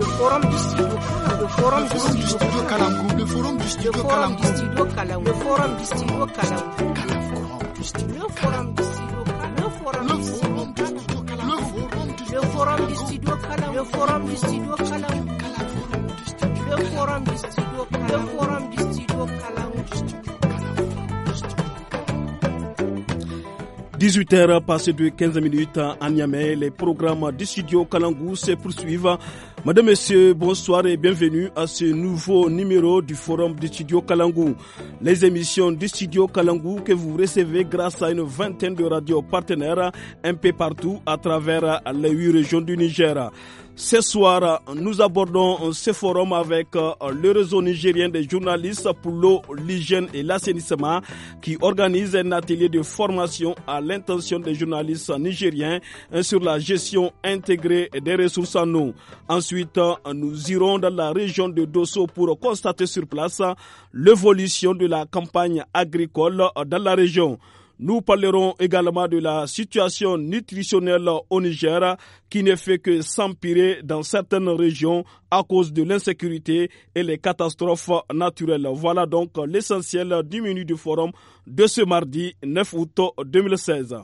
le forum du studio le forum du studio le forum du studio le forum du studio le forum du studio le forum du studio le forum du studio le forum du studio le forum du studio 18h de 15 minutes à Niamey, les programmes du studio Kalangou se poursuivent Madame, Messieurs, bonsoir et bienvenue à ce nouveau numéro du Forum du Studio Kalangou. Les émissions du Studio Kalangou que vous recevez grâce à une vingtaine de radios partenaires un peu partout à travers les huit régions du Niger. Ce soir, nous abordons ce forum avec euh, le réseau nigérien des journalistes pour l'eau, l'hygiène et l'assainissement qui organise un atelier de formation à l'intention des journalistes nigériens euh, sur la gestion intégrée des ressources en eau. Ensuite, euh, nous irons dans la région de Dosso pour constater sur place l'évolution de la campagne agricole dans la région. Nous parlerons également de la situation nutritionnelle au Niger qui ne fait que s'empirer dans certaines régions à cause de l'insécurité et les catastrophes naturelles. Voilà donc l'essentiel du menu du forum de ce mardi 9 août 2016.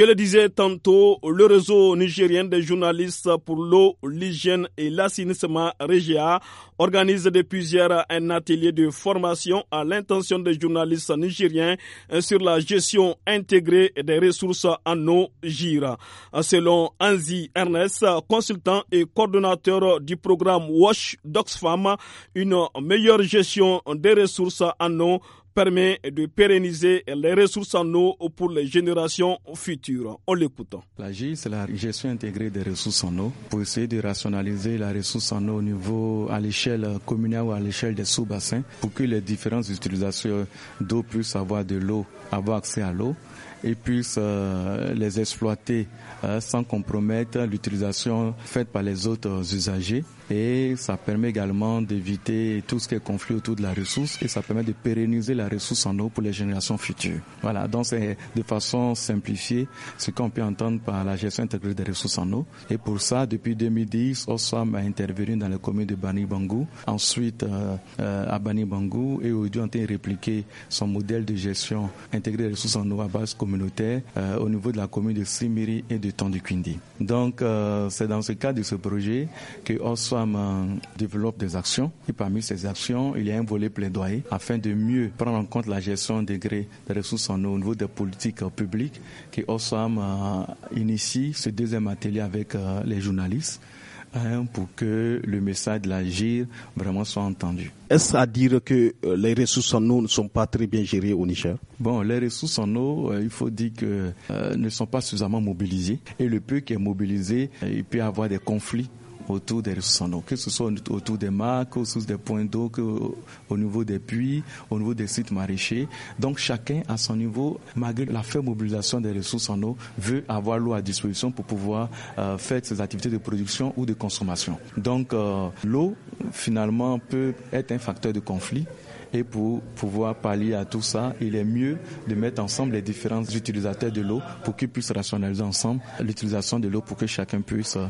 Je le disais tantôt, le réseau nigérien des journalistes pour l'eau, l'hygiène et l'assainissement Régia organise depuis hier un atelier de formation à l'intention des journalistes nigériens sur la gestion intégrée des ressources en eau GIRA. Selon Anzi Ernest, consultant et coordonnateur du programme WASH d'Oxfam, une meilleure gestion des ressources en eau permet de pérenniser les ressources en eau pour les générations futures. En l'écoutant. La c'est la gestion intégrée des ressources en eau pour essayer de rationaliser la ressource en eau au niveau, à l'échelle communale ou à l'échelle des sous-bassins pour que les différentes utilisations d'eau puissent avoir de l'eau, avoir accès à l'eau et puissent euh, les exploiter euh, sans compromettre l'utilisation faite par les autres usagers et ça permet également d'éviter tout ce qui est conflit autour de la ressource et ça permet de pérenniser la ressource en eau pour les générations futures. Voilà, donc c'est de façon simplifiée ce qu'on peut entendre par la gestion intégrée des ressources en eau. Et pour ça, depuis 2010, Oswam a intervenu dans la commune de Bani Bangou, ensuite euh, euh, à Bani Bangou et aujourd'hui on a répliqué son modèle de gestion intégrée des ressources en eau à base communautaire euh, au niveau de la commune de Simiri et de Tondukindi. Donc c'est dans ce cadre de ce projet que Oswam euh, développe des actions et parmi ces actions, il y a un volet plaidoyer afin de mieux prendre en compte la gestion des grès des ressources en eau au niveau des politiques euh, publiques que OSAM euh, initie ce deuxième atelier avec les journalistes hein, pour que le message de l'agir vraiment soit entendu. Est-ce à dire que les ressources en eau ne sont pas très bien gérées au Niger Bon, les ressources en eau, il faut dire que ne sont pas suffisamment mobilisées et le peu qui est mobilisé, il peut y avoir des conflits autour des ressources en eau, que ce soit autour des marques, sous des points d'eau, au niveau des puits, au niveau des sites maraîchers. Donc chacun à son niveau, malgré la faible mobilisation des ressources en eau, veut avoir l'eau à disposition pour pouvoir euh, faire ses activités de production ou de consommation. Donc euh, l'eau, finalement, peut être un facteur de conflit. Et pour pouvoir pallier à tout ça, il est mieux de mettre ensemble les différents utilisateurs de l'eau pour qu'ils puissent rationaliser ensemble l'utilisation de l'eau pour que chacun puisse euh,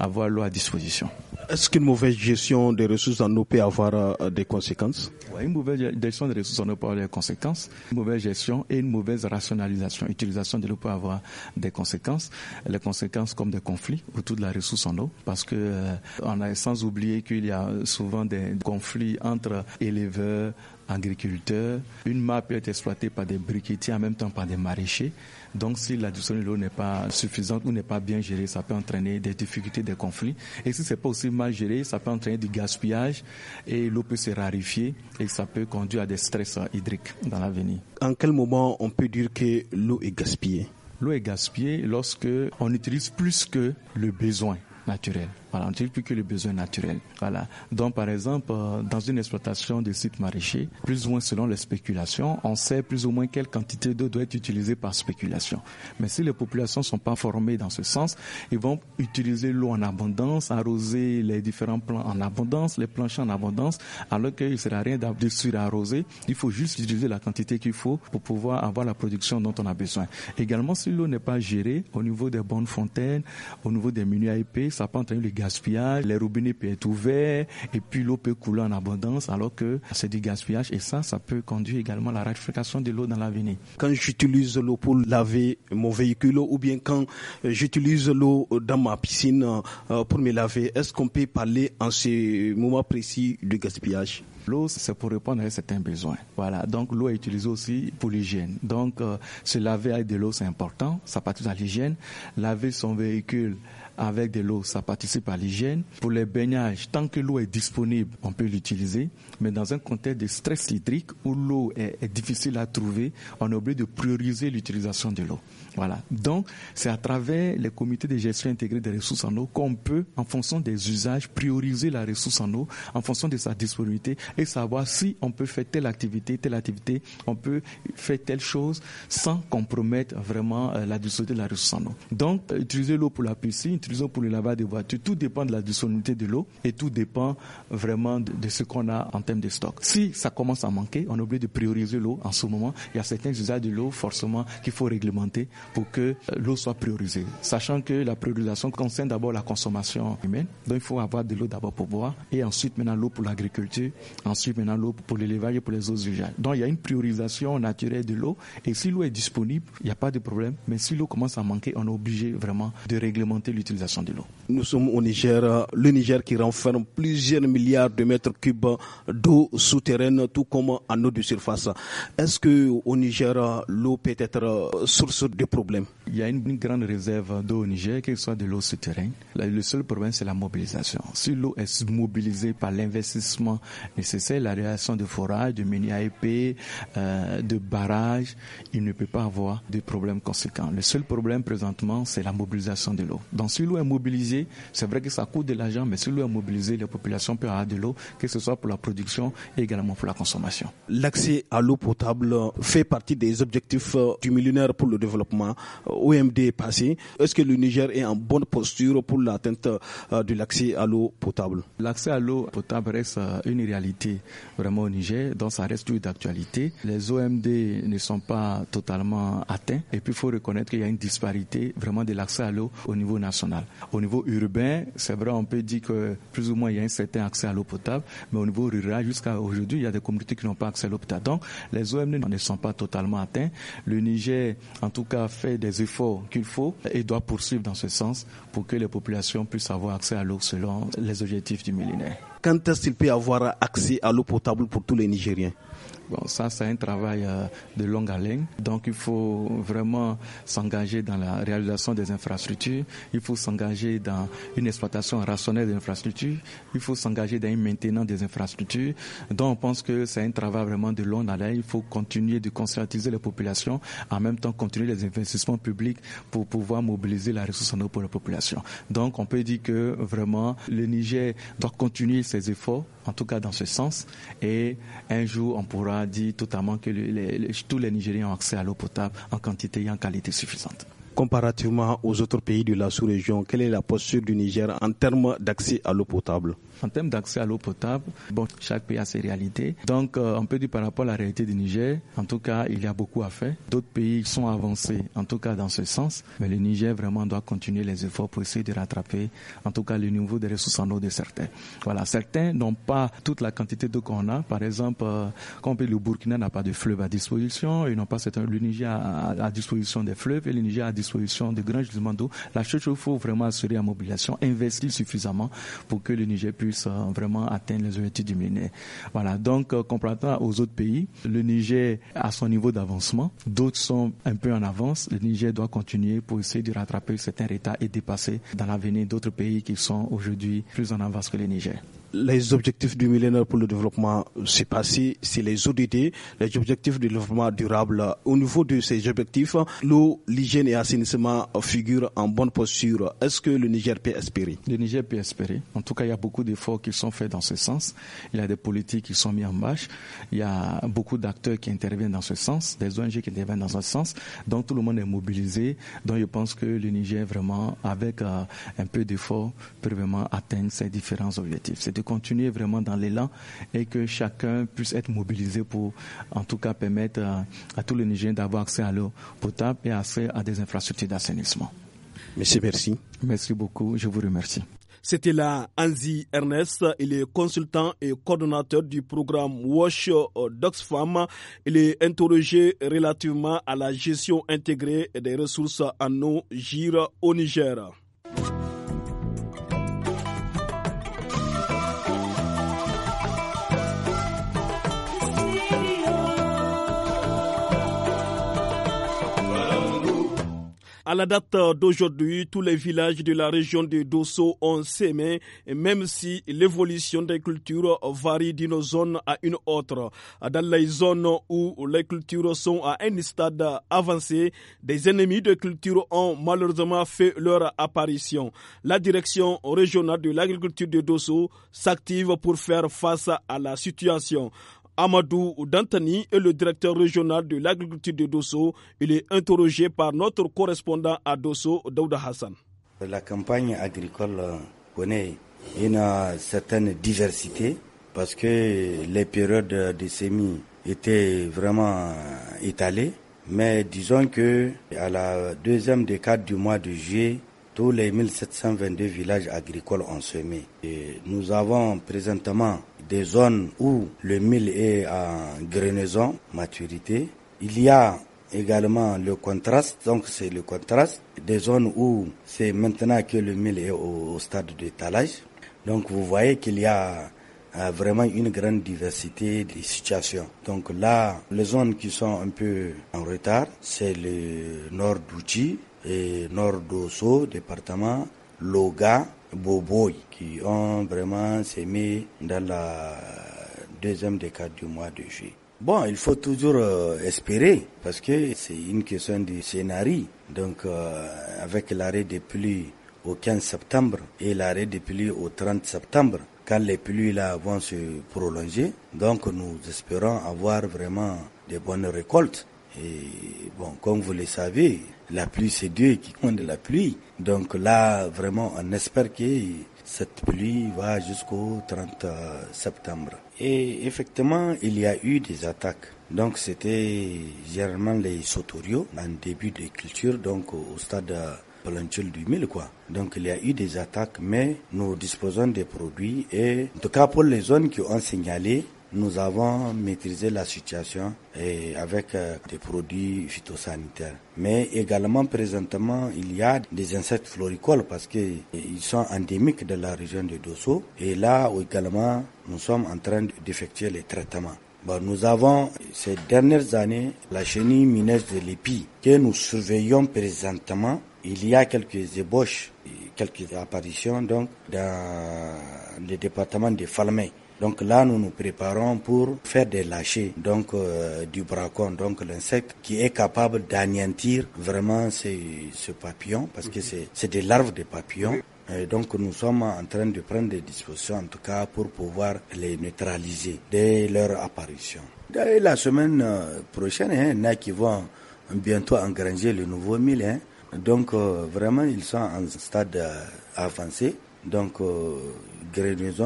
avoir l'eau à disposition. Est-ce qu'une mauvaise gestion des ressources en eau peut avoir euh, des conséquences oui, Une mauvaise gestion des ressources en eau peut avoir des conséquences. Une mauvaise gestion et une mauvaise rationalisation, utilisation de l'eau peut avoir des conséquences. Les conséquences comme des conflits autour de la ressource en eau, parce que euh, on a sans oublier qu'il y a souvent des conflits entre éleveurs, agriculteurs. Une mare peut être exploitée par des briquetiers, en même temps par des maraîchers. Donc si la distribution de l'eau n'est pas suffisante ou n'est pas bien gérée, ça peut entraîner des difficultés, des conflits. Et si c'est pas aussi mal géré, ça peut entraîner du gaspillage et l'eau peut se raréfier et ça peut conduire à des stress hydriques dans l'avenir. En quel moment on peut dire que l'eau est gaspillée L'eau est gaspillée lorsque on utilise plus que le besoin naturel. Voilà, plus que les besoins naturels. Voilà. Donc, par exemple, euh, dans une exploitation de sites maraîchers, plus ou moins selon les spéculations, on sait plus ou moins quelle quantité d'eau doit être utilisée par spéculation. Mais si les populations sont pas formées dans ce sens, ils vont utiliser l'eau en abondance, arroser les différents plants en abondance, les planchers en abondance, alors qu'il ne sera à rien de arroser Il faut juste utiliser la quantité qu'il faut pour pouvoir avoir la production dont on a besoin. Également, si l'eau n'est pas gérée au niveau des bonnes fontaines, au niveau des menus à épées, ça peut entraîner le gaspillage, les robinets peuvent être ouverts et puis l'eau peut couler en abondance alors que c'est du gaspillage et ça, ça peut conduire également à la ratification de l'eau dans l'avenir. Quand j'utilise l'eau pour laver mon véhicule ou bien quand euh, j'utilise l'eau euh, dans ma piscine euh, pour me laver, est-ce qu'on peut parler en ce moment précis du gaspillage L'eau, c'est pour répondre à certains besoins. Voilà, donc l'eau est utilisée aussi pour l'hygiène. Donc, se laver avec de l'eau, c'est important, ça tout à l'hygiène. Laver son véhicule, avec de l'eau, ça participe à l'hygiène. Pour les baignages, tant que l'eau est disponible, on peut l'utiliser. Mais dans un contexte de stress hydrique où l'eau est, difficile à trouver, on est obligé de prioriser l'utilisation de l'eau. Voilà. Donc, c'est à travers les comités de gestion intégrée des ressources en eau qu'on peut, en fonction des usages, prioriser la ressource en eau en fonction de sa disponibilité et savoir si on peut faire telle activité, telle activité, on peut faire telle chose sans compromettre vraiment euh, la disponibilité de la ressource en eau. Donc, euh, utiliser l'eau pour la piscine, utiliser l'eau pour le lavage des voitures, tout dépend de la disponibilité de l'eau et tout dépend vraiment de, de ce qu'on a en termes de stock. Si ça commence à manquer, on oublie de prioriser l'eau en ce moment. Il y a certains usages de l'eau, forcément, qu'il faut réglementer pour que euh, l'eau soit priorisée. Sachant que la priorisation concerne d'abord la consommation humaine. Donc il faut avoir de l'eau d'abord pour boire et ensuite maintenant l'eau pour l'agriculture, ensuite maintenant l'eau pour l'élevage et pour les autres usages. Donc il y a une priorisation naturelle de l'eau et si l'eau est disponible, il n'y a pas de problème. Mais si l'eau commence à manquer, on est obligé vraiment de réglementer l'utilisation de l'eau. Nous sommes au Niger, le Niger qui renferme plusieurs milliards de mètres cubes d'eau souterraine, tout comme en eau de surface. Est-ce que au Niger, l'eau peut être euh, source de il y a une, grande réserve d'eau au Niger, qu'elle soit de l'eau souterraine. Le seul problème, c'est la mobilisation. Si l'eau est mobilisée par l'investissement nécessaire, la réaction de forages, de mini-AEP, euh, de barrages, il ne peut pas avoir de problème conséquent. Le seul problème présentement, c'est la mobilisation de l'eau. Donc si l'eau est mobilisée, c'est vrai que ça coûte de l'argent, mais si l'eau est mobilisée, la population peut avoir de l'eau, que ce soit pour la production et également pour la consommation. L'accès à l'eau potable fait partie des objectifs euh, du millénaire pour le développement OMD euh, est passé. Est-ce que le Niger est en bonne posture pour l'atteinte euh, de l'accès à l'eau potable L'accès à l'eau potable reste euh, une réalité vraiment au Niger, donc ça reste d'actualité. Les OMD ne sont pas totalement atteints et puis il faut reconnaître qu'il y a une disparité vraiment de l'accès à l'eau au niveau national. Au niveau urbain, c'est vrai, on peut dire que plus ou moins il y a un certain accès à l'eau potable, mais au niveau rural, jusqu'à aujourd'hui, il y a des communautés qui n'ont pas accès à l'eau potable. Donc les OMD ne sont pas totalement atteints. Le Niger, en tout cas, fait des efforts qu'il faut et doit poursuivre dans ce sens pour que les populations puissent avoir accès à l'eau selon les objectifs du millénaire. Quand est-ce qu'il peut avoir accès à l'eau potable pour tous les Nigériens Bon, ça, c'est un travail euh, de longue haleine. Donc, il faut vraiment s'engager dans la réalisation des infrastructures. Il faut s'engager dans une exploitation rationnelle des infrastructures. Il faut s'engager dans une maintenance des infrastructures. Donc, on pense que c'est un travail vraiment de longue haleine. Il faut continuer de conscientiser les populations, en même temps continuer les investissements publics pour pouvoir mobiliser la ressource en eau pour la population. Donc, on peut dire que vraiment, le Niger doit continuer ses efforts, en tout cas dans ce sens. Et un jour, on pourra dit totalement que tous les Nigériens ont accès à l'eau potable en quantité et en qualité suffisante comparativement aux autres pays de la sous-région, quelle est la posture du Niger en termes d'accès à l'eau potable En termes d'accès à l'eau potable, bon, chaque pays a ses réalités. Donc, on euh, peut dire par rapport à la réalité du Niger, en tout cas, il y a beaucoup à faire. D'autres pays sont avancés, en tout cas dans ce sens. Mais le Niger vraiment doit continuer les efforts pour essayer de rattraper, en tout cas, le niveau des ressources en eau de certains. Voilà, certains n'ont pas toute la quantité d'eau qu'on a. Par exemple, euh, le Burkina n'a pas de fleuve à disposition, ils n'ont pas le Niger a à, disposition des fleuves et le Niger à disposition solution de grands gisements d'eau. La chose il faut vraiment assurer la mobilisation, investir suffisamment pour que le Niger puisse euh, vraiment atteindre les objectifs du millénaire. Voilà. Donc, euh, comparant aux autres pays, le Niger a son niveau d'avancement. D'autres sont un peu en avance. Le Niger doit continuer pour essayer de rattraper certains retards et dépasser dans l'avenir d'autres pays qui sont aujourd'hui plus en avance que le Niger les objectifs du millénaire pour le développement, c'est passé, c'est les ODD, les objectifs de développement durable. Au niveau de ces objectifs, l'eau, l'hygiène et l'assainissement figurent en bonne posture. Est-ce que le Niger peut espérer Le Niger peut espérer. En tout cas, il y a beaucoup d'efforts qui sont faits dans ce sens. Il y a des politiques qui sont mises en marche. Il y a beaucoup d'acteurs qui interviennent dans ce sens, des ONG qui interviennent dans ce sens. Donc tout le monde est mobilisé. Donc je pense que le Niger, vraiment, avec euh, un peu d'efforts, peut vraiment atteindre ses différents objectifs de continuer vraiment dans l'élan et que chacun puisse être mobilisé pour, en tout cas, permettre à, tous les Nigériens d'avoir accès à l'eau potable et accès à des infrastructures d'assainissement. merci. Merci beaucoup. Je vous remercie. C'était là Anzi Ernest, il est consultant et coordonnateur du programme WASH euh, d'Oxfam. Il est interrogé relativement à la gestion intégrée des ressources en eau au Niger. À la date d'aujourd'hui, tous les villages de la région de Dosso ont sémé, même si l'évolution des cultures varie d'une zone à une autre. Dans les zones où les cultures sont à un stade avancé, des ennemis de culture ont malheureusement fait leur apparition. La direction régionale de l'agriculture de Dosso s'active pour faire face à la situation. Amadou Dantani est le directeur régional de l'agriculture de Dosso. Il est interrogé par notre correspondant à Dosso, Daouda Hassan. La campagne agricole connaît une certaine diversité parce que les périodes de semis étaient vraiment étalées. Mais disons que à la deuxième décade du mois de juillet, tous les 1722 villages agricoles ont semé. Et nous avons présentement des zones où le mil est en grenaison, maturité. Il y a également le contraste, donc c'est le contraste des zones où c'est maintenant que le mil est au, stade de Donc vous voyez qu'il y a euh, vraiment une grande diversité des situations. Donc là, les zones qui sont un peu en retard, c'est le nord d'Ouchi, et Nord d'Osso, département Loga, Boboy, qui ont vraiment semé dans la deuxième décade du mois de juillet. Bon, il faut toujours euh, espérer parce que c'est une question de scénario. Donc, euh, avec l'arrêt des pluies au 15 septembre et l'arrêt des pluies au 30 septembre, quand les pluies là vont se prolonger, donc nous espérons avoir vraiment de bonnes récoltes. Et bon, comme vous le savez, la pluie, c'est Dieu qui compte la pluie. Donc là, vraiment, on espère que cette pluie va jusqu'au 30 euh, septembre. Et effectivement, il y a eu des attaques. Donc c'était généralement les sotorios en début de culture, donc au stade de euh, du mille quoi. Donc il y a eu des attaques, mais nous disposons des produits et en tout cas pour les zones qui ont signalé, nous avons maîtrisé la situation et avec euh, des produits phytosanitaires. Mais également présentement, il y a des insectes floricoles parce qu'ils euh, sont endémiques de la région de Dosso. Et là également, nous sommes en train d'effectuer les traitements. Bon, nous avons ces dernières années la chenille mineuse de l'épi que nous surveillons présentement. Il y a quelques ébauches, quelques apparitions donc dans le département de Falmey. Donc là, nous nous préparons pour faire des lâchers, donc euh, du bracon, donc l'insecte qui est capable d'anéantir vraiment ce papillon, parce que mhm. c'est des larves de papillons. donc nous sommes en train de prendre des dispositions, en tout cas, pour pouvoir les neutraliser dès leur apparition. Dès la semaine euh, prochaine, hein, il y en a qui vont bientôt engranger le nouveau mille. Hein. Donc euh, vraiment, ils sont en stade avancé. Donc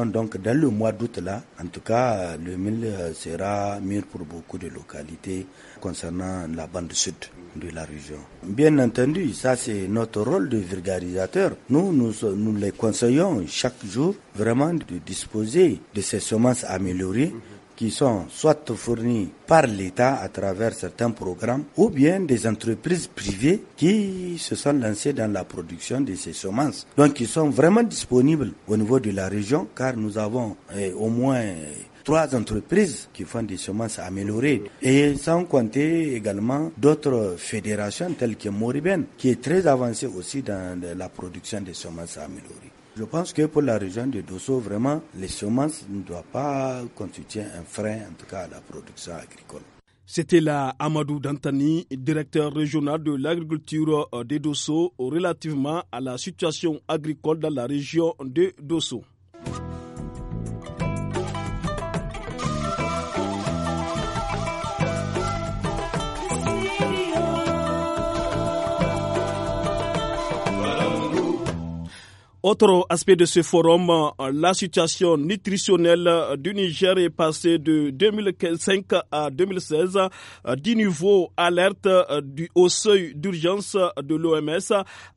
donc, dans le mois d'août, là, en tout cas, le mille euh, sera mûr pour beaucoup de localités concernant la bande sud de la région. Bien entendu, ça c'est notre rôle de vulgarisateur. Nous, nous, nous les conseillons chaque jour vraiment de disposer de ces semences améliorées qui sont soit fournis par l'État à travers certains programmes ou bien des entreprises privées qui se sont lancées dans la production de ces semences. Donc ils sont vraiment disponibles au niveau de la région car nous avons eh, au moins trois entreprises qui font des semences améliorées et sans compter également d'autres fédérations telles que Moribène, qui est très avancée aussi dans la production des semences améliorées. Je pense que pour la région de Dosso, vraiment, les semences ne doivent pas constituer un frein, en tout cas, à la production agricole. C'était là Amadou Dantani, directeur régional de l'agriculture euh, de Dosso, relativement à la situation agricole dans la région de Dosso. Autre aspect de ce forum, la situation nutritionnelle du Niger est passée de 2005 à 2016 du niveau alerte du, au seuil d'urgence de l'OMS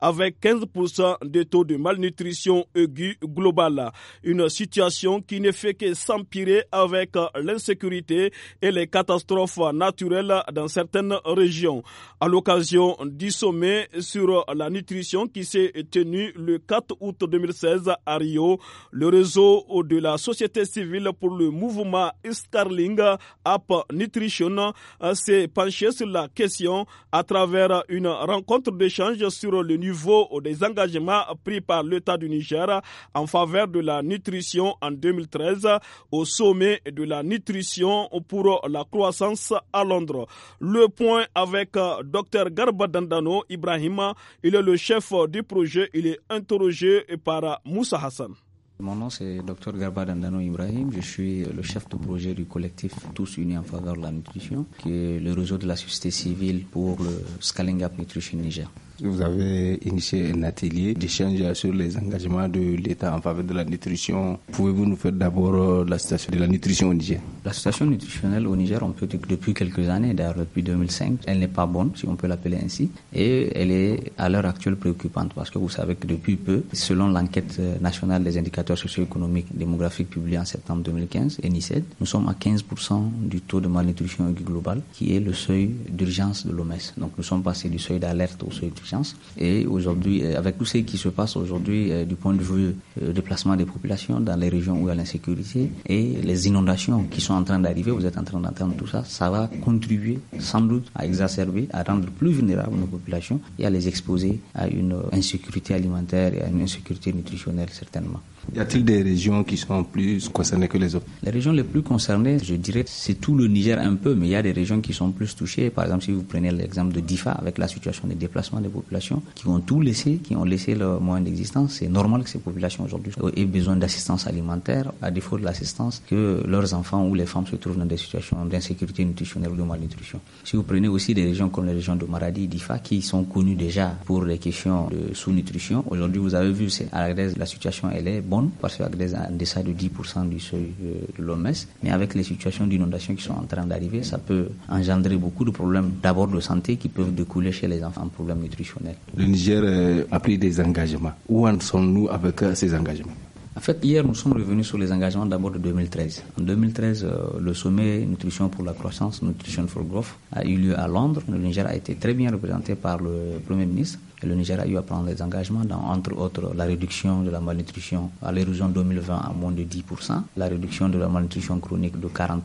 avec 15% de taux de malnutrition aiguë globale. Une situation qui ne fait que s'empirer avec euh, l'insécurité et les catastrophes naturelles dans certaines régions. À l'occasion du sommet sur la nutrition qui s'est tenu le 4 août 2016 à Rio, le réseau de la société civile pour le mouvement Starling App Nutrition euh, s'est penché sur la question à travers une rencontre d'échange sur le niveau des engagements pris par l'État du Niger en faveur de la nutrition en 2013 au sommet de la nutrition pour la croissance à Londres. Le point avec euh, Dr Garba Dandano Ibrahima, il est le chef du projet, il est interrogé et par Moussa Hassan. Mon nom c'est Dr Garba Dandano Ibrahim, je suis le chef de projet du collectif Tous Unis en faveur de la nutrition, qui est le réseau de la société civile pour le Scaling Up Nutrition Niger. Vous avez initié un atelier d'échange sur les engagements de l'État en faveur de la nutrition. Pouvez-vous nous faire d'abord euh, la situation de la nutrition au Niger La situation nutritionnelle au Niger, on peut dire que depuis quelques années, d'ailleurs depuis 2005, elle n'est pas bonne, si on peut l'appeler ainsi, et elle est à l'heure actuelle préoccupante parce que vous savez que depuis peu, selon l'enquête euh, nationale des indicateurs socio-économiques démographiques publiée en septembre 2015, NICED, nous sommes à 15% du taux de malnutrition globale qui est le seuil d'urgence de l'OMS. E Donc nous sommes passés du seuil d'alerte au seuil d'urgence et aujourd'hui, euh, avec tout ce qui se passe aujourd'hui euh, du point de vue euh, déplacement des populations dans les régions où il y a l'insécurité et les inondations qui sont en train d'arriver, vous êtes en train d'entendre tout ça, ça va contribuer sans doute à exacerber, à rendre plus vulnérables nos populations et à les exposer à une insécurité alimentaire et à une insécurité nutritionnelle certainement. Y a-t-il des régions qui sont plus concernées que les autres Les régions les plus concernées, je dirais, c'est tout le Niger un peu, mais il y a des régions qui sont plus touchées. Par exemple, si vous prenez l'exemple de Difa, avec la situation des déplacements des populations, qui ont tout laissé, qui ont laissé leur moyen d'existence, c'est normal que ces populations aujourd'hui aient besoin d'assistance alimentaire, à défaut de l'assistance que leurs enfants ou les femmes se trouvent dans des situations d'insécurité nutritionnelle ou de malnutrition. Si vous prenez aussi des régions comme les régions de Maradi, Difa, qui sont connues déjà pour les questions de sous-nutrition, aujourd'hui vous avez vu, c'est à la Grèce, la situation elle est parce qu'avec un deçà de 10% du seuil euh, de l'OMS, mais avec les situations d'inondation qui sont en train d'arriver, ça peut engendrer beaucoup de problèmes, d'abord de santé, qui peuvent découler chez les enfants, problèmes nutritionnels. Le Niger euh, a pris des engagements. Où en sommes-nous avec euh, ces engagements en fait, hier, nous sommes revenus sur les engagements d'abord de 2013. En 2013, le sommet Nutrition pour la croissance, Nutrition for Growth, a eu lieu à Londres. Le Niger a été très bien représenté par le Premier ministre le Niger a eu à prendre des engagements, dans, entre autres la réduction de la malnutrition à l'érosion 2020 à moins de 10%, la réduction de la malnutrition chronique de 44%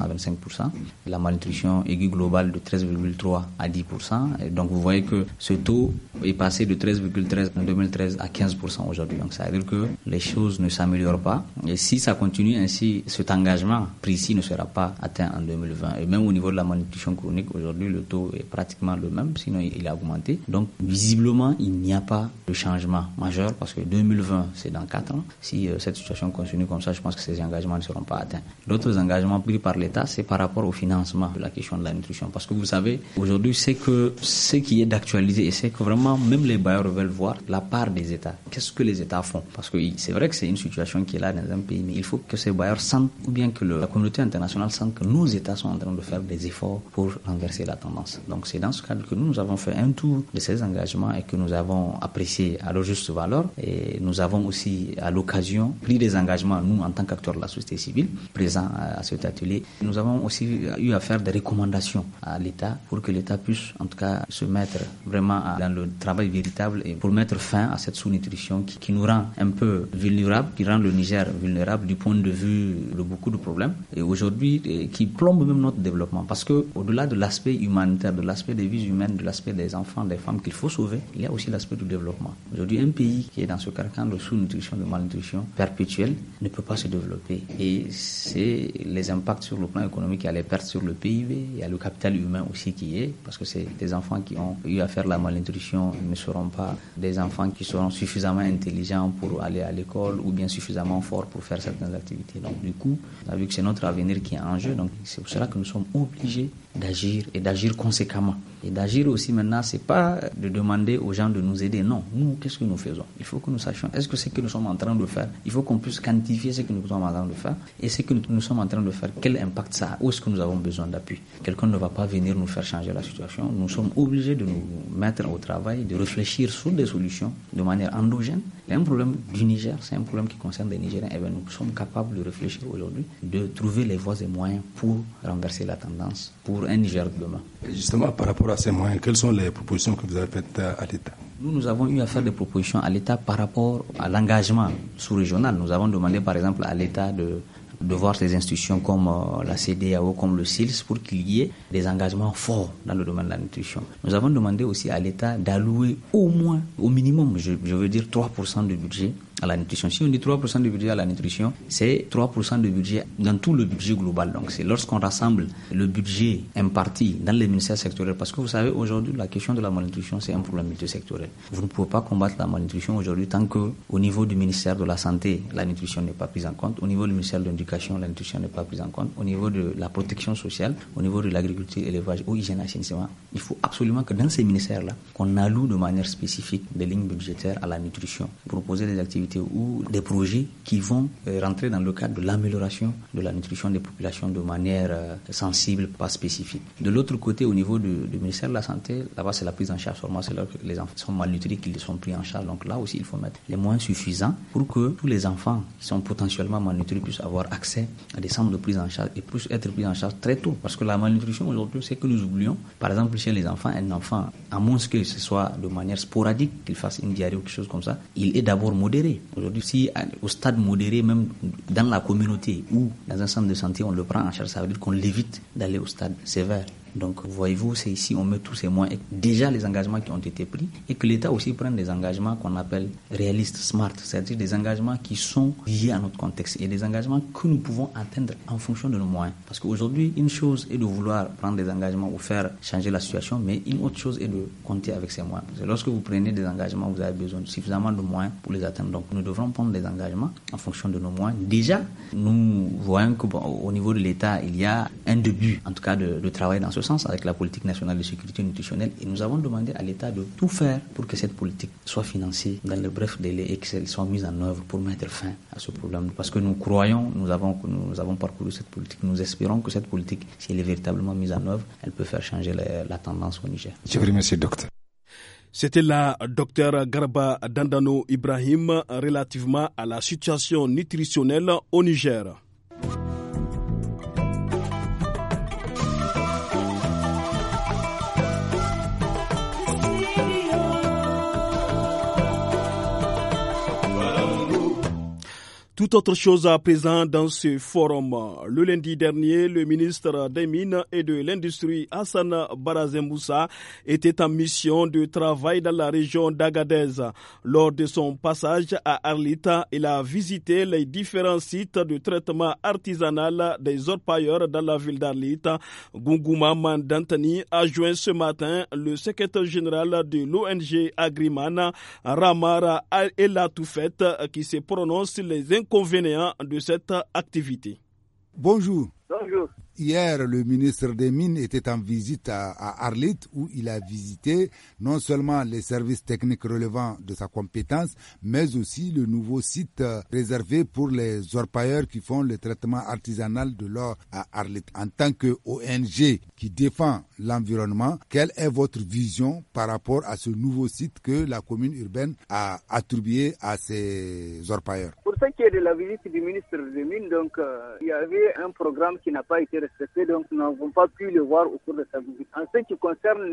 à 25%, la malnutrition aiguë globale de 13,3 à 10%. Et donc vous voyez que ce taux est passé de 13,13 en 2013 à 15% aujourd'hui. Donc ça veut dire que les choses ne s'améliorent pas. Et si ça continue ainsi, cet engagement précis ne sera pas atteint en 2020. Et même au niveau de la malnutrition chronique, aujourd'hui le taux est pratiquement le même, sinon il a augmenté. Donc visiblement, il n'y a pas de changement majeur parce que 2020, c'est dans quatre ans. Si euh, cette situation continue comme ça, je pense que ces engagements ne seront pas atteints. D'autres engagements pris par l'État, c'est par rapport au financement de la question de la nutrition. Parce que vous savez, aujourd'hui, c'est que ce qui est d'actualiser et c'est que vraiment, même les bailleurs veulent voir la part des États. Qu'est-ce que les États font Parce que c'est vrai que c'est une situation qui est là dans un pays, mais il faut que ces bailleurs sentent, ou bien que la communauté internationale sente que nos États sont en train de faire des efforts pour renverser la tendance. Donc c'est dans ce cadre que nous avons fait un tour de ces engagements et que nous avons apprécié à leur juste valeur. Et nous avons aussi, à l'occasion, pris des engagements, nous, en tant qu'acteurs de la société civile, présents à cet atelier. Nous avons aussi eu à faire des recommandations à l'État pour que l'État puisse, en tout cas, se mettre vraiment dans le travail véritable et pour mettre fin à cette sous-nutrition qui, qui nous rend un peu vulnérables, qui rend le Niger vulnérable du point de vue de beaucoup de problèmes et aujourd'hui qui plombe même notre développement parce que au-delà de l'aspect humanitaire, de l'aspect des vies humaines, de l'aspect des enfants, des femmes qu'il faut sauver, il y a aussi l'aspect du développement. Aujourd'hui, un pays qui est dans ce carcan de sous-nutrition, de malnutrition perpétuelle ne peut pas se développer. Et c'est les impacts sur le plan économique, il y a les pertes sur le PIB, il y a le capital humain aussi qui est, parce que c'est des enfants qui ont eu à faire la malnutrition ne seront pas des enfants qui seront suffisamment intelligents pour aller à l'école ou bien suffisamment forts pour faire certaines activités. Donc du coup, on vu que c'est notre avenir qui est en jeu, donc c'est pour cela que nous sommes obligés d'agir et d'agir conséquemment. Et d'agir aussi maintenant, c'est pas de demander aux gens de nous aider. Non, nous, qu'est-ce que nous faisons Il faut que nous sachions, est-ce que ce que nous sommes en train de faire, il faut qu'on puisse quantifier ce que nous sommes en train de faire et ce que nous sommes en train de faire, quel impact ça a, où est-ce que nous avons besoin d'appui. Quelqu'un ne va pas venir nous faire changer la situation. Nous sommes obligés de nous mettre au travail, de réfléchir sur des solutions de manière endogène c'est un problème du Niger, c'est un problème qui concerne les Nigériens. Et eh bien, nous sommes capables de réfléchir aujourd'hui, de trouver les voies et moyens pour renverser la tendance pour un Niger de demain. justement, par rapport à ces moyens, quelles sont les propositions que vous avez faites euh, à l'État nous, nous avons eu à faire des propositions à l'État par rapport à l'engagement sous-régional. Nous avons demandé, par exemple, à l'État de de voir ces institutions comme euh, la CDAO, comme le SILS, pour qu'il y ait des engagements forts dans le domaine de la nutrition. Nous avons demandé aussi à l'État d'allouer au moins, au minimum, je, veux dire 3% du budget la nutrition. Si on dit 3% du budget à la nutrition, c'est 3% de budget dans tout le budget global. Donc c'est lorsqu'on rassemble le budget imparti dans les ministères sectoriels, parce que vous savez, aujourd'hui, la question de la malnutrition, c'est un problème multisectoriel. Vous ne pouvez pas combattre la malnutrition aujourd'hui tant que au niveau du ministère de la Santé, la nutrition n'est pas prise en compte, au niveau du ministère de l'Éducation, la nutrition n'est pas prise en compte, au niveau de la protection sociale, au niveau de l'agriculture, élevage, au hygiène, Il faut absolument que dans ces ministères-là, qu'on alloue de manière spécifique des lignes budgétaires à la nutrition, pour proposer des activités ou des projets qui vont euh, rentrer dans le cadre de l'amélioration de la nutrition des populations de manière euh, sensible, pas spécifique. De l'autre côté, au niveau du, ministère de la Santé, là-bas, c'est la prise en charge. Seulement, c'est là que les enfants sont malnutris qu'ils sont pris en charge. Donc là aussi, il faut mettre les moyens suffisants pour que tous les enfants qui sont potentiellement malnutris puissent avoir accès à des centres de prise en charge et puissent être pris en charge très tôt. Parce que la malnutrition aujourd'hui, c'est que nous oublions. Par exemple, chez les enfants, un enfant, à moins que ce soit de manière sporadique, qu'il fasse une diarrhée ou quelque chose comme ça, il est d'abord modéré Aujourd'hui, si euh, au stade modéré, même dans la communauté ou dans un centre de santé, on le prend en charge, ça veut dire qu'on l'évite d'aller au stade sévère. Donc, voyez-vous, c'est ici, on met tous ces moyens, déjà les engagements qui ont été pris, et que l'État aussi prenne des engagements qu'on appelle réalistes, smart, c'est-à-dire des engagements qui sont liés à notre contexte et des engagements que nous pouvons atteindre en fonction de nos moyens. Parce qu'aujourd'hui, une chose est de vouloir prendre des engagements ou faire changer la situation, mais une autre chose est de compter avec ces moyens. lorsque vous prenez des engagements, vous avez besoin de suffisamment de moyens pour les atteindre. Donc, nous devrons prendre des engagements en fonction de nos moyens. Déjà, nous voyons qu'au niveau de l'État, il y a un début, en tout cas, de, de travail dans ce sens, avec la politique nationale de sécurité nutritionnelle, et nous avons demandé à l'État de tout faire pour que cette politique soit financée dans le bref délai et qu'elle soit mise en œuvre pour mettre fin à ce problème. Parce que nous croyons, nous avons, nous avons parcouru cette politique, nous espérons que cette politique, si elle est véritablement mise en œuvre, elle peut faire changer la, tendance au Niger. Je vous remercie, docteur. C'était la docteur Garba Dandano Ibrahim relativement à la situation nutritionnelle au Niger. Tout autre chose à présent dans ce forum. Le lundi dernier, le ministre des Mines et de l'Industrie, Hassan Barazemboussa, était en mission de travail dans la région d'Agadez. Lors de son passage à Arlita, il a visité les différents sites de traitement artisanal des orpailleurs dans la ville d'Arlita. Gunguma Mandantani a joint ce matin le secrétaire général de l'ONG Agrimana, Ramara Elatoufet qui se prononce les les de cette activité Bonjour. Bonjour. Hier, le ministre des Mines était en visite à, Arlit où il a visité non seulement les services techniques relevant de sa compétence, mais aussi le nouveau site réservé pour les orpailleurs qui font le traitement artisanal de l'or à Arlit. En tant que ONG qui défend l'environnement, quelle est votre vision par rapport à ce nouveau site que la commune urbaine a attribué à ces orpailleurs Pour ce qui est de la visite du ministre des Mines, donc, euh, il y avait un programme qui n'a pas été donc nous n'avons pas pu le voir au cours de sa visite. En ce qui concerne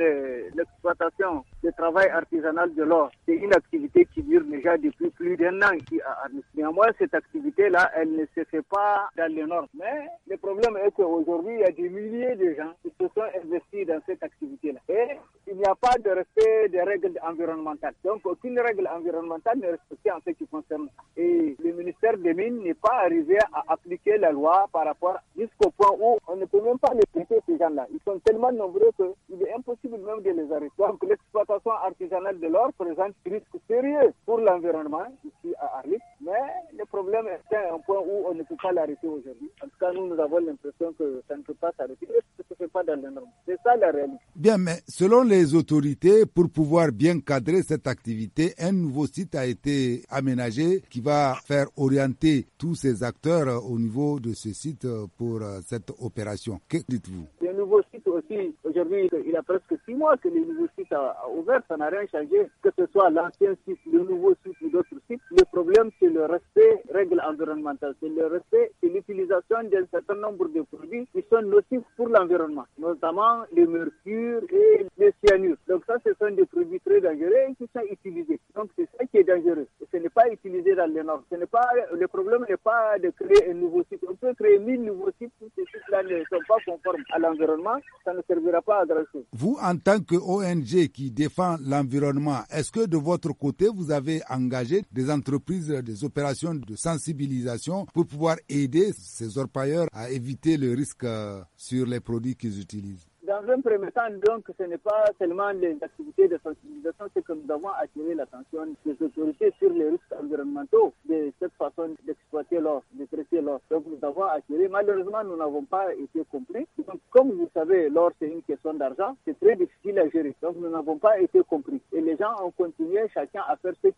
l'exploitation, le travail artisanal de l'or, c'est une activité qui dure déjà depuis plus d'un an à Néanmoins, cette activité-là, elle ne se fait pas dans le nord. Mais le problème est qu'aujourd'hui, il y a des milliers de gens qui se sont investis dans cette activité-là. Et il n'y a pas de respect des règles environnementales. Donc, aucune règle environnementale n'est respectée en ce qui concerne. Et le ministère des Mines n'est pas arrivé à appliquer la loi par rapport jusqu'au point où on ne peut même pas les traiter, ces gens-là. Ils sont tellement nombreux qu'il est impossible même de les arrêter. Donc l'exploitation artisanale de l'or présente des risques sérieux pour l'environnement ici à Arlit. Mais le problème est à un point où on ne peut pas l'arrêter aujourd'hui. En tout cas, nous, avons l'impression que ça ne peut pas s'arrêter. C'est ça la réalité. Bien, mais selon les autorités, pour pouvoir bien cadrer cette activité, un nouveau site a été aménagé qui va faire orienter tous ces acteurs euh, au niveau de ce site euh, pour euh, cette opération Opération. Que dites-vous Le nouveau site aussi, aujourd'hui, il y a presque six mois que le nouveau site a, ouvert, ça n'a rien changé, que ce soit l'ancien site, le nouveau site ou d'autres sites. Le problème, c'est le respect règles environnementales, c'est le respect, c'est l'utilisation d'un certain nombre de produits qui sont nocifs pour l'environnement, notamment le mercure et le cyanure. Donc ça, ce sont des produits très dangereux qui sont utilisés. Donc c'est ça qui est dangereux. Ce n'est pas utilisé dans les normes. Ce n'est pas, le problème n'est pas de créer un nouveau site. On peut créer mille nouveaux sites, ces sites-là ne sont pas conformes à l'environnement, ça ne servira pas à grand Vous, en tant que ONG qui défend l'environnement, est-ce que de votre côté, vous avez engagé des entreprises, des opérations de sensibilisation pour pouvoir aider ces orpailleurs à éviter le risque euh, sur les produits qu'ils utilisent dans un premier temps, donc, ce n'est pas seulement les activités de sensibilisation, c'est que nous avons attiré l'attention des autorités sur les risques environnementaux de cette façon d'exploiter l'or, de traiter l'or. Donc, nous avons attiré. Malheureusement, nous n'avons pas été compris Donc, comme vous savez, l'or, c'est une question d'argent. C'est très difficile à gérer. Donc, nous n'avons pas été compris. Et les gens ont continué chacun à faire ce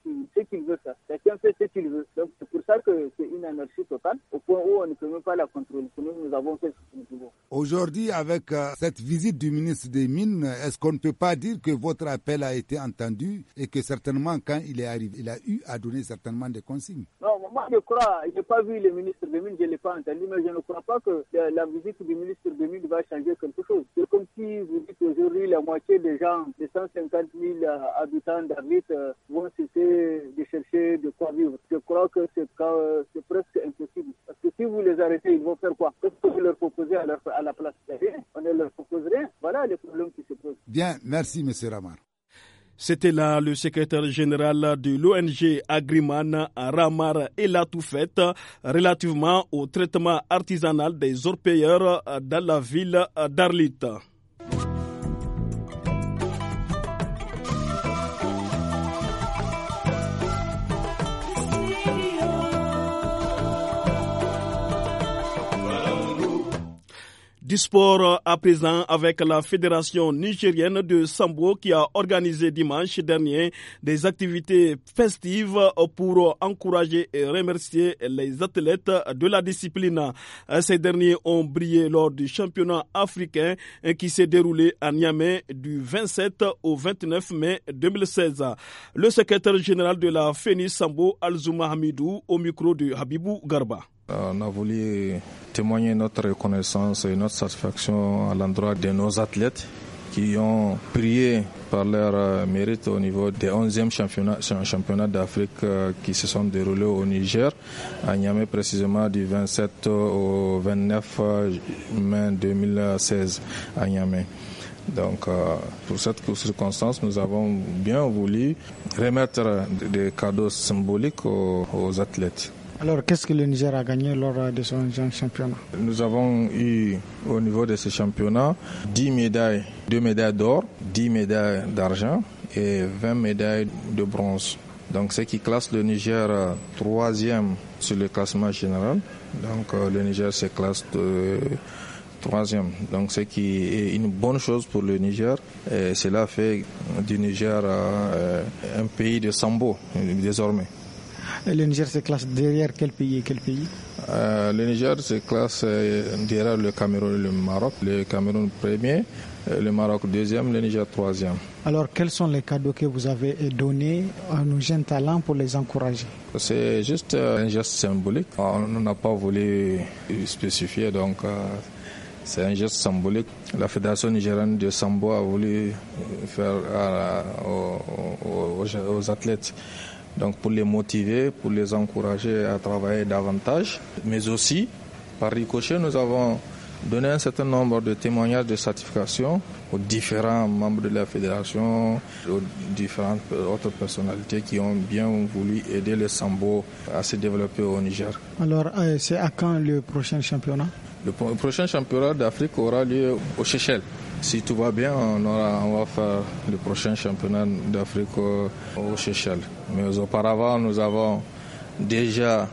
qu'il veut faire. Chacun fait ce qu'il veut. Donc, c'est pour ça que c'est une anarchie totale, au point où on ne peut même pas la contrôler. Nous, nous avons fait ce que Aujourd'hui, avec euh, cette du ministre des Mines, est-ce qu'on ne peut pas dire que votre appel a été entendu et que certainement, quand il est arrivé, il a eu à donner certainement des consignes moi, je crois, je n'ai pas vu le ministre de je ne l'ai pas entendu, mais je ne crois pas que la, visite du ministre de va changer quelque chose. C'est comme si vous dites aujourd'hui, la moitié des gens, les 150 000 habitants d'Amit euh, vont cesser de chercher de quoi vivre. Je crois que euh, c'est presque impossible. Parce que si vous les arrêtez, ils vont faire quoi quest que leur proposez à, la place On ne leur propose rien. Voilà les problèmes qui se posent. Bien, merci, M. Ramar. C'était là le secrétaire général de l'ONG Agriman Ramar Elatoufet relativement au traitement artisanal des orpailleurs dans la ville d'Arlit. Du sport à présent avec la Fédération nigérienne de Sambo qui a organisé dimanche dernier des activités festives pour encourager et remercier les athlètes de la discipline. Ces derniers ont brillé lors du championnat africain qui s'est déroulé à Niamey du 27 au 29 mai 2016. Le secrétaire général de la FENI Sambo, Alzuma Hamidou, au micro de Habibou Garba. Euh, on a voulu témoigner notre reconnaissance et notre satisfaction à l'endroit de nos athlètes qui ont prié par leur euh, mérite au niveau des 11e championnats, d'Afrique euh, qui se sont déroulés au Niger, à Niamey précisément du 27 au 29 mai 2016 à Niamey. Donc, pour cette circonstance, nous avons bien voulu remettre des cadeaux symboliques aux athlètes. Alors, qu'est-ce que le Niger a gagné lors de son championnat Nous avons eu, au niveau de ce championnat, 10 médailles, 2 médailles d'or, 10 médailles d'argent et 20 médailles de bronze. Donc, ce qui classe le Niger euh, troisième sur le classement général. Donc, euh, le Niger se classe euh, troisième. Donc, ce qui est une bonne chose pour le Niger. Et cela fait du Niger un pays de sambo désormais. Euh, le Niger se classe derrière quel pays quel pays euh, Le Niger se classe euh, derrière le Cameroun et le Maroc. Le Cameroun premier, le Maroc deuxième, le Niger troisième. Alors quels sont les cadeaux que vous avez donnés à nos jeunes talents pour les encourager C'est juste un geste symbolique. Ah, on n'a pas voulu spécifier donc. C'est un geste symbolique. La Fédération nigérienne de Sambo a voulu faire aux, athlètes donc pour les motiver, pour les encourager à travailler davantage. Mais aussi, par ricochet, nous avons donné un certain nombre de témoignages de certification aux différents membres de la fédération, aux différentes autres personnalités qui ont bien voulu aider les sambo à se développer au Niger. Alors, euh, c'est à quand le prochain championnat le prochain championnat d'Afrique aura lieu au Seychelles. Si tout va bien, on, aura, on va faire le prochain championnat d'Afrique au Seychelles. Mais auparavant, nous avons déjà,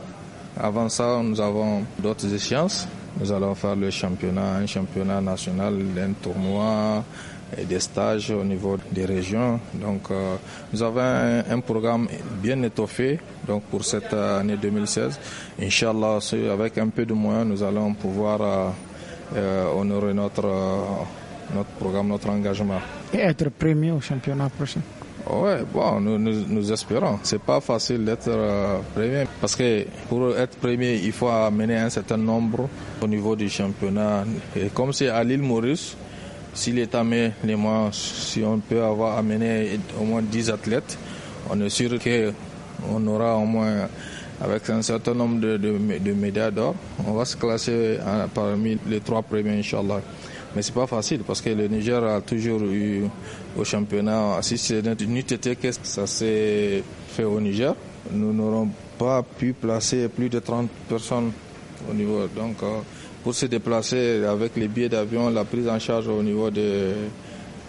avant ça, nous avons d'autres échéances. Nous allons faire le championnat, un championnat national, un tournoi et des stages au niveau des régions. Donc euh, nous avons un, programme bien étoffé donc pour cette année 2016. Inch'Allah, avec un peu de moyens, nous allons pouvoir euh, euh, honorer notre notre programme, notre engagement. Et être premier au championnat prochain oui, bon, nous, nous, Ce espérons. C'est pas facile d'être euh, premier parce que pour être premier, il faut amener un certain nombre au niveau du championnat. Et comme c'est à l'île Maurice, si est met les si on peut avoir amené au moins 10 athlètes, on est sûr qu'on aura au moins, avec un certain nombre de, médias d'or, on va se classer hein, parmi les trois premiers, Inch'Allah. Mais c'est pas facile parce que le Niger a toujours eu au championnat, si c'est une qu'est-ce que ça s'est fait au Niger Nous n'aurons pas pu placer plus de 30 personnes au niveau. Donc, euh, pour se déplacer avec les billets d'avion, la prise en charge au niveau, de,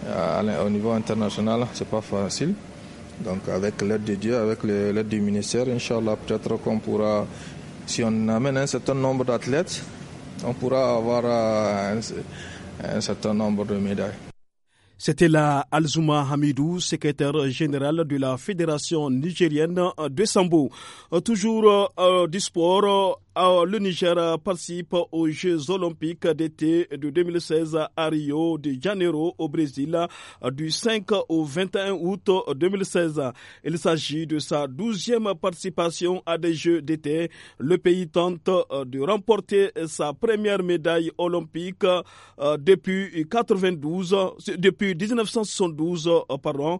euh, au niveau international, c'est pas facile. Donc avec l'aide de Dieu, avec l'aide du ministère, Inch'Allah, peut-être qu'on pourra, si on amène un certain nombre d'athlètes, on pourra avoir un, euh, euh, un certain nombre de médailles. C'était la Alzuma Hamidou, secrétaire générale de la Fédération nigérienne de Sambo. Euh, toujours euh, du sport, le Niger participe aux Jeux olympiques d'été de 2016 à Rio de Janeiro au Brésil du 5 au 21 août 2016. Il s'agit de sa douzième participation à des Jeux d'été. Le pays tente euh, de remporter sa première médaille olympique euh, depuis 92, euh, depuis 1972, pardon.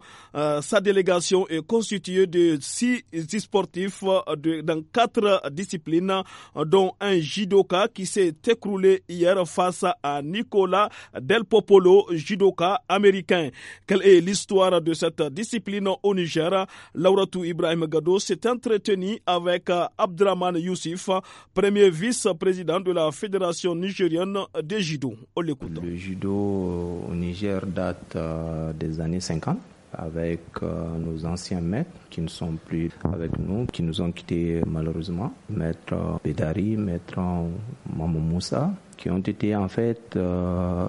Sa délégation est constituée de six sportifs dans quatre disciplines dont un judoka qui s'est écroulé hier face à Nicolas Del Popolo, judoka américain. Quelle est l'histoire de cette discipline au Niger Lauratou Ibrahim Gado s'est entretenu avec Abdraman Youssif, premier vice-président de la Fédération nigérienne de judo. On l'écoute. Le judo au Niger date euh, des années 50 avec euh, nos anciens maîtres qui ne sont plus avec nous, qui nous ont quittés malheureusement, maître euh, Bedari, maître euh, Mamou Moussa, qui ont été en fait euh,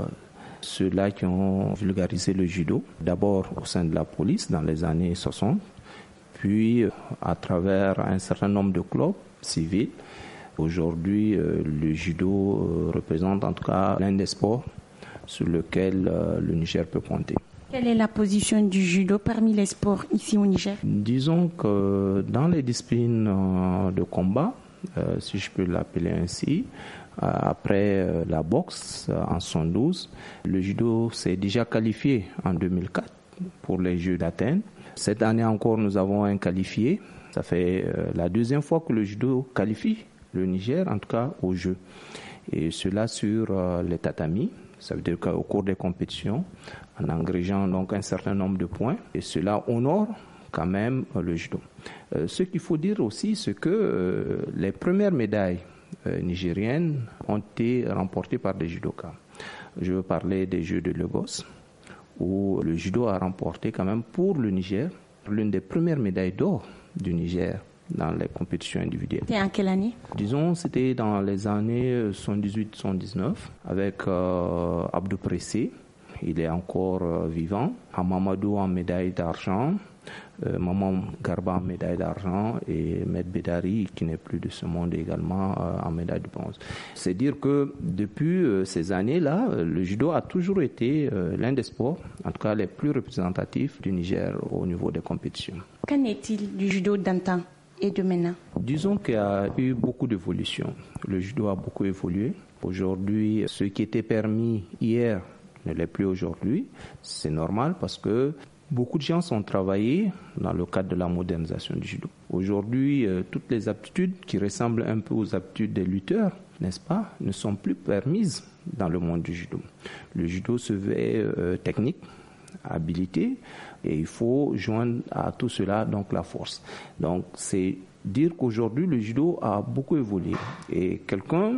ceux-là qui ont vulgarisé le judo, d'abord au sein de la police dans les années 60, puis à travers un certain nombre de clubs civils. Aujourd'hui, le judo représente en tout cas l'un des sports sur lequel le Niger peut compter. Quelle est la position du judo parmi les sports ici au Niger Disons que dans les disciplines euh, de combat, euh, si je peux l'appeler ainsi, euh, après la boxe en 112, le judo s'est déjà qualifié en 2004 pour les Jeux d'Athènes. Cette année encore, nous avons un qualifié. Ça fait la deuxième fois que le judo qualifie le Niger, en tout cas aux Jeux. Et cela sur les tatamis, ça veut dire qu'au cours des compétitions, en engrégeant donc un certain nombre de points, et cela honore quand même euh, le judo. Euh, ce qu'il faut dire aussi, c'est que euh, les premières médailles nigériennes ont été remportées par des judokas. Je veux parler des Jeux de Lagos, où le judo a remporté quand même pour le Niger l'une des premières médailles d'or du Niger dans les compétitions individuelles. Et en quelle année Disons, c'était dans les années 118-119 euh, avec euh, Abdou Pressé. Il est encore euh, vivant. Amamadou en médaille d'argent. Mamam Maman Garba en médaille d'argent et Med Bedari qui n'est plus de ce monde également en médaille de bronze. C'est dire que depuis ces années-là, le judo a toujours été l'un des sports, en tout cas les plus représentatifs du Niger au niveau des compétitions. Qu'en est-il du judo d'antan de Disons qu'il y a eu beaucoup d'évolution. Le judo a beaucoup évolué. Aujourd'hui, ce qui était permis hier ne l'est plus aujourd'hui. C'est normal parce que beaucoup de gens sont travaillés dans le cadre de la modernisation du judo. Aujourd'hui, euh, toutes les aptitudes qui ressemblent un peu aux aptitudes des lutteurs, n'est-ce pas, ne sont plus permises dans le monde du judo. Le judo se veut technique, habilité, et il faut joindre à tout cela donc la force. Donc c'est dire qu'aujourd'hui le judo a beaucoup évolué et quelqu'un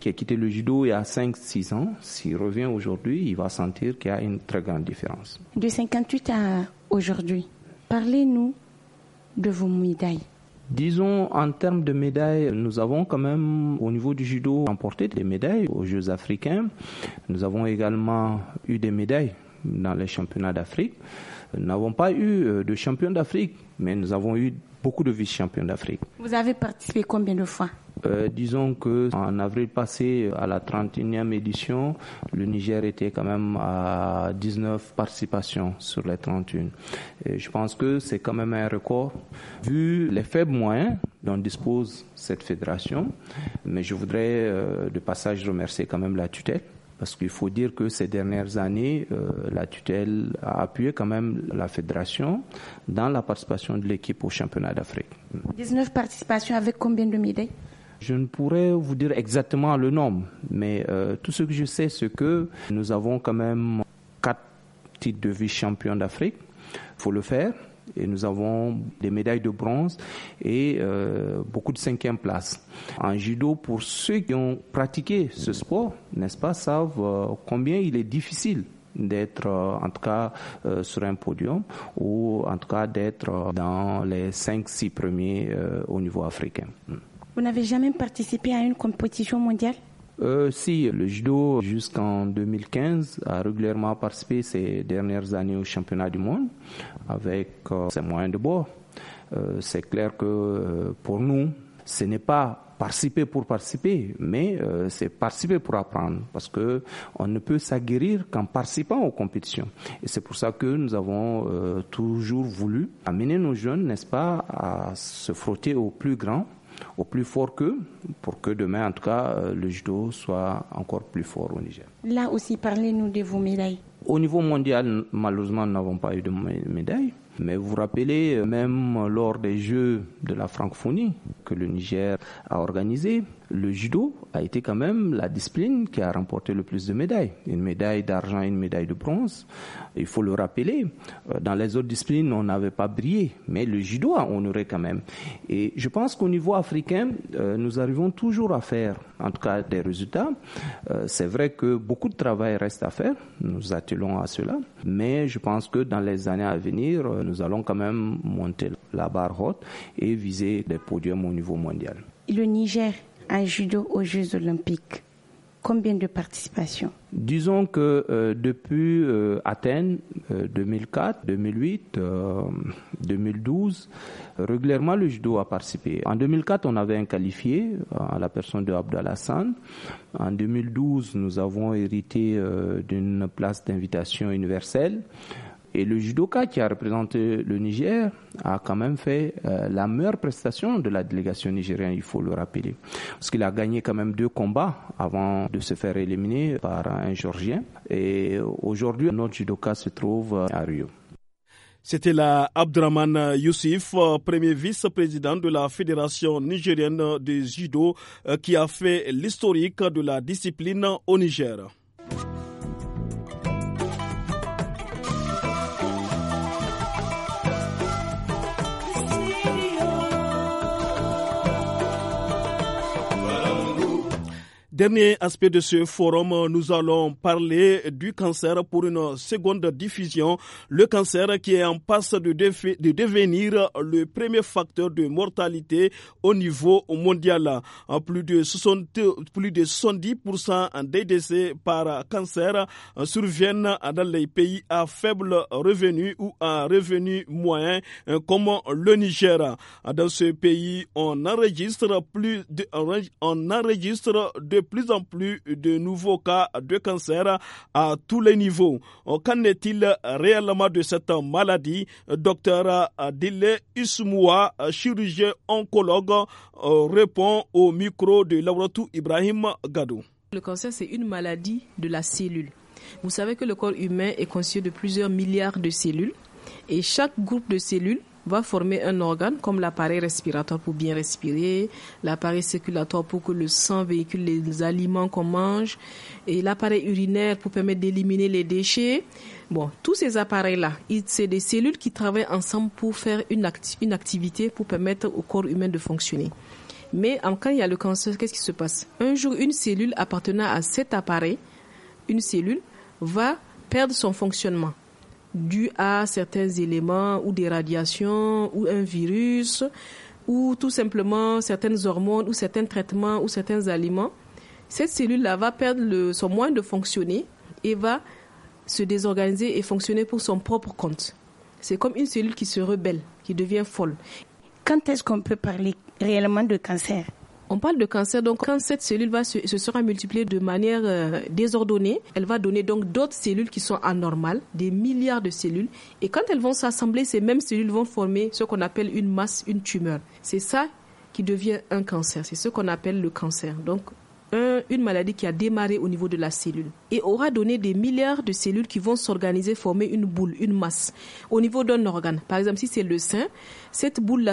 qui a quitté le judo il y a 5 6 ans s'il revient aujourd'hui il va sentir qu'il y a une très grande différence de 58 à aujourd'hui parlez-nous de vos médailles Disons, en termes de médailles, nous avons quand même, au niveau du judo, remporté des médailles aux Jeux africains. Nous avons également eu des médailles dans les championnats d'Afrique. Nous n'avons pas eu euh, de champion d'Afrique, mais nous avons eu beaucoup de vice-champions d'Afrique. Vous avez participé combien de fois euh, disons que en avril passé, à la 31e édition, le Niger était quand même à 19 participations sur les 31. je pense que c'est quand même un record vu les faibles moyens dont dispose cette fédération. Mais je voudrais euh, de passage remercier quand même la tutelle parce qu'il faut dire que ces dernières années, euh, la tutelle a appuyé quand même la fédération dans la participation de l'équipe au championnat d'Afrique. 19 participations avec combien de médailles je ne pourrais vous dire exactement le nombre, mais euh, tout ce que je sais, c'est que nous avons quand même quatre titres de vice-champion d'Afrique. Il faut le faire et nous avons des médailles de bronze et euh, beaucoup de cinquième place. En judo, pour ceux qui ont pratiqué ce sport, n'est-ce pas, savent euh, combien il est difficile d'être euh, en tout cas sur un podium ou en tout cas d'être dans les 5-6 premiers au niveau africain. Vous n'avez jamais participé à une compétition mondiale euh, si, le judo jusqu'en 2015 a régulièrement participé ces dernières années au championnat du monde avec euh, ses moyens de bord. Euh, c'est clair que pour nous, ce n'est pas participer pour participer, mais c'est participer pour apprendre, parce que on ne peut s'aguerrir qu'en participant aux compétitions. Et c'est pour ça que nous avons toujours voulu amener nos jeunes, n'est-ce pas, à se frotter aux plus grands au plus fort qu'eux pour que demain, en tout cas, euh, le judo soit encore plus fort au Niger. Là aussi, parlez-nous de vos médailles. Au niveau mondial, malheureusement, nous n'avons pas eu de médailles. Mais vous vous rappelez, euh, même lors des Jeux de la francophonie que le Niger a organisé, le judo a été quand même la discipline qui a remporté le plus de médailles. Une médaille d'argent, une médaille de bronze. Il faut le rappeler. Euh, dans les autres disciplines, on n'avait pas brillé, mais le judo on aurait quand même. Et je pense qu'au niveau africain, euh, nous arrivons toujours à faire, en tout cas, des résultats. Euh, c'est vrai que beaucoup de travail reste à faire. Nous attelons à cela. Mais je pense que dans les années à venir, nous allons quand même monter la barre haute et viser des podiums au niveau mondial. Le Niger un judo aux Jeux olympiques Combien de participations Disons que euh, depuis euh, Athènes 2004, 2008, 2012, régulièrement le judo a participé. En 2004, on avait un qualifié euh, à la personne de Abdel Hassan. En 2012, nous avons hérité d'une place d'invitation universelle. Et le judoka qui a représenté le Niger a quand même fait euh, la meilleure prestation de la délégation nigérienne, il faut le rappeler. Parce qu'il a gagné quand même deux combats avant de se faire éliminer par un Georgien. Et aujourd'hui, notre judoka se trouve euh, à Rio. C'était la Abdraman Youssif, euh, premier vice-président de la Fédération nigérienne des judo, qui a fait l'historique de la discipline au Niger. Dernier aspect de ce forum, nous allons parler du cancer pour une seconde diffusion. Le cancer qui est en passe de, de devenir le premier facteur de mortalité au niveau mondial. Plus de, 60, plus de 70% des décès par cancer surviennent dans les pays à faible revenu ou à revenu moyen comme le Niger. Dans ce pays, on enregistre plus de, on enregistre de plus en plus de nouveaux cas de cancer à tous les niveaux. Euh, qu'en est-il réellement de cette maladie euh, Docteur euh, Dile Ismoua, chirurgien oncologue, répond au micro de laboratoire Ibrahim Gadou. Le cancer, c'est une maladie de la cellule. Vous savez que le corps humain est constitué de plusieurs milliards de cellules et chaque groupe de cellules va former un organe comme l'appareil respiratoire pour bien respirer, l'appareil circulatoire pour que le sang véhicule les aliments qu'on mange, et l'appareil urinaire pour permettre d'éliminer les déchets. Bon, tous ces appareils-là, c'est des cellules qui travaillent ensemble pour faire une, une activité pour permettre au corps humain de fonctionner. Mais quand il y a le cancer, qu'est-ce qui se passe Un jour, une cellule appartenant à cet appareil, une cellule, va perdre son fonctionnement dû à certains éléments ou des radiations ou un virus ou tout simplement certaines hormones ou certains traitements ou certains aliments, cette cellule-là va perdre son moyen de fonctionner et va se désorganiser et fonctionner pour son propre compte. C'est comme une cellule qui se rebelle, qui devient folle. Quand est-ce qu'on peut parler réellement de cancer on parle de cancer, donc quand cette cellule va se, sera multipliée de manière euh, désordonnée, elle va donner donc d'autres cellules qui sont anormales, des milliards de cellules. Et quand elles vont s'assembler, ces mêmes cellules vont former ce qu'on appelle une masse, une tumeur. C'est ça qui devient un cancer. C'est ce qu'on appelle le cancer. Donc une maladie qui a démarré au niveau de la cellule et aura donné des milliards de cellules qui vont s'organiser, former une boule, une masse au niveau d'un organe. Par exemple, si c'est le sein, cette boule-là,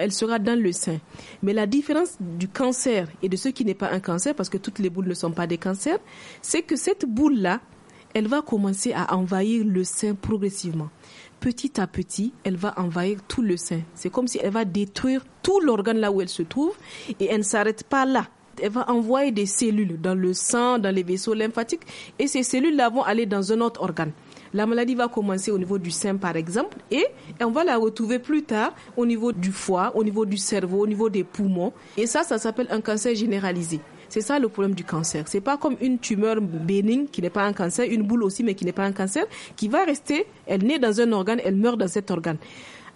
elle sera dans le sein. Mais la différence du cancer et de ce qui n'est pas un cancer, parce que toutes les boules ne sont pas des cancers, c'est que cette boule-là, elle va commencer à envahir le sein progressivement petit à petit, elle va envahir tout le sein. C'est comme si elle va détruire tout l'organe là où elle se trouve et elle ne s'arrête pas là elle va envoyer des cellules dans le sang, dans les vaisseaux lymphatiques, et ces cellules-là vont aller dans un autre organe. La maladie va commencer au niveau du sein, par exemple, et on va la retrouver plus tard au niveau du foie, au niveau du cerveau, au niveau des poumons. Et ça, ça s'appelle un cancer généralisé. C'est ça le problème du cancer. n'est pas comme une tumeur bénigne qui n'est pas un cancer, une boule aussi mais qui n'est pas un cancer, qui va rester, elle naît dans un organe, elle meurt dans cet organe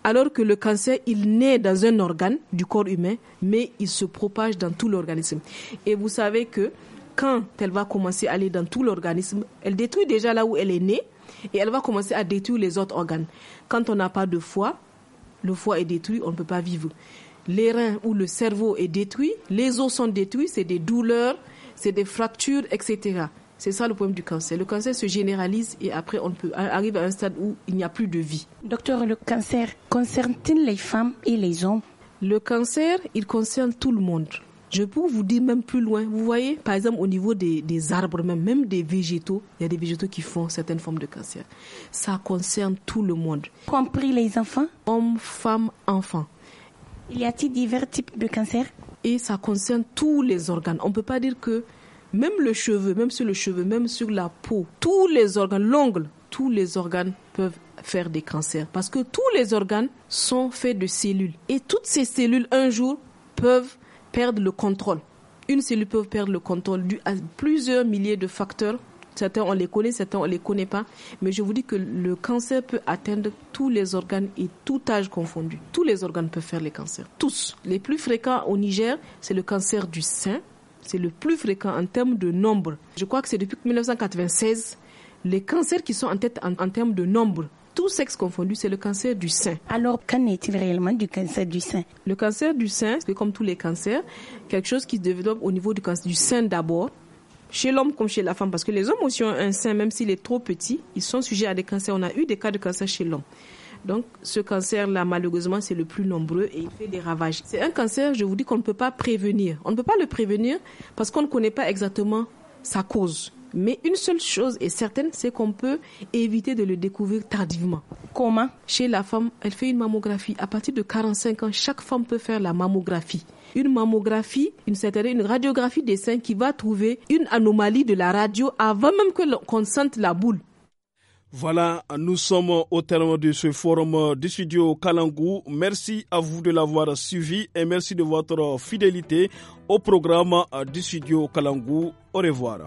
alors que le cancer, il naît dans un organe du corps humain, mais il se propage dans tout l'organisme. Et vous savez que quand elle va commencer à aller dans tout l'organisme, elle détruit déjà là où elle est née et elle va commencer à détruire les autres organes. Quand on n'a pas de foie, le foie est détruit, on ne peut pas vivre. Les reins ou le cerveau est détruit, les os sont détruits, c'est des douleurs, c'est des fractures, etc. C'est ça le problème du cancer. Le cancer se généralise et après on peut arrive à un stade où il n'y a plus de vie. Docteur, le cancer concerne-t-il les femmes et les hommes Le cancer, il concerne tout le monde. Je peux vous dire même plus loin. Vous voyez, par exemple, au niveau des, arbres, même, même des végétaux, il y a des végétaux qui font certaines formes de cancer. Ça concerne tout le monde. compris les enfants Hommes, femmes, enfants. Il y a-t-il divers types de cancer Et ça concerne tous les organes. On ne peut pas dire que même le cheveu, même sur le cheveu, même sur la peau, tous les organes, l'ongle, tous les organes peuvent faire des cancers parce que tous les organes sont faits de cellules et toutes ces cellules un jour peuvent perdre le contrôle. Une cellule peut perdre le contrôle dû à plusieurs milliers de facteurs. Certains on les connaît, certains on les connaît pas, mais je vous dis que le cancer peut atteindre tous les organes et tout âge confondu. Tous les organes peuvent faire les cancers, tous. Les plus fréquents au Niger, c'est le cancer du sein, c'est le plus fréquent en termes de nombre. Je crois que c'est depuis 1996 les cancers qui sont en tête en, termes de nombre. Tout sexe confondu, c'est le cancer du sein. Alors, qu'en est-il réellement du cancer du sein Le cancer du sein, c'est comme tous les cancers, quelque chose qui se développe au niveau du, cancer, du sein d'abord, chez l'homme comme chez la femme, parce que les hommes aussi ont un sein, même s'il est trop petit, ils sont sujets à des cancers. On a eu des cas de cancer chez l'homme. Donc ce cancer-là, malheureusement, c'est le plus nombreux et il fait des ravages. C'est un cancer, je vous dis, qu'on ne peut pas prévenir. On ne peut pas le prévenir parce qu'on ne connaît pas exactement sa cause. Mais une seule chose est certaine, c'est qu'on peut éviter de le découvrir tardivement. Comment Chez la femme, elle fait une mammographie. À partir de 45 ans, chaque femme peut faire la mammographie. Une mammographie, une, une radiographie des seins qui va trouver une anomalie de la radio avant même que l'on sente la boule. Voilà, nous sommes au terme de ce forum du studio Kalangou. Merci à vous de l'avoir suivi et merci de votre fidélité au programme du studio Kalangou. Au revoir.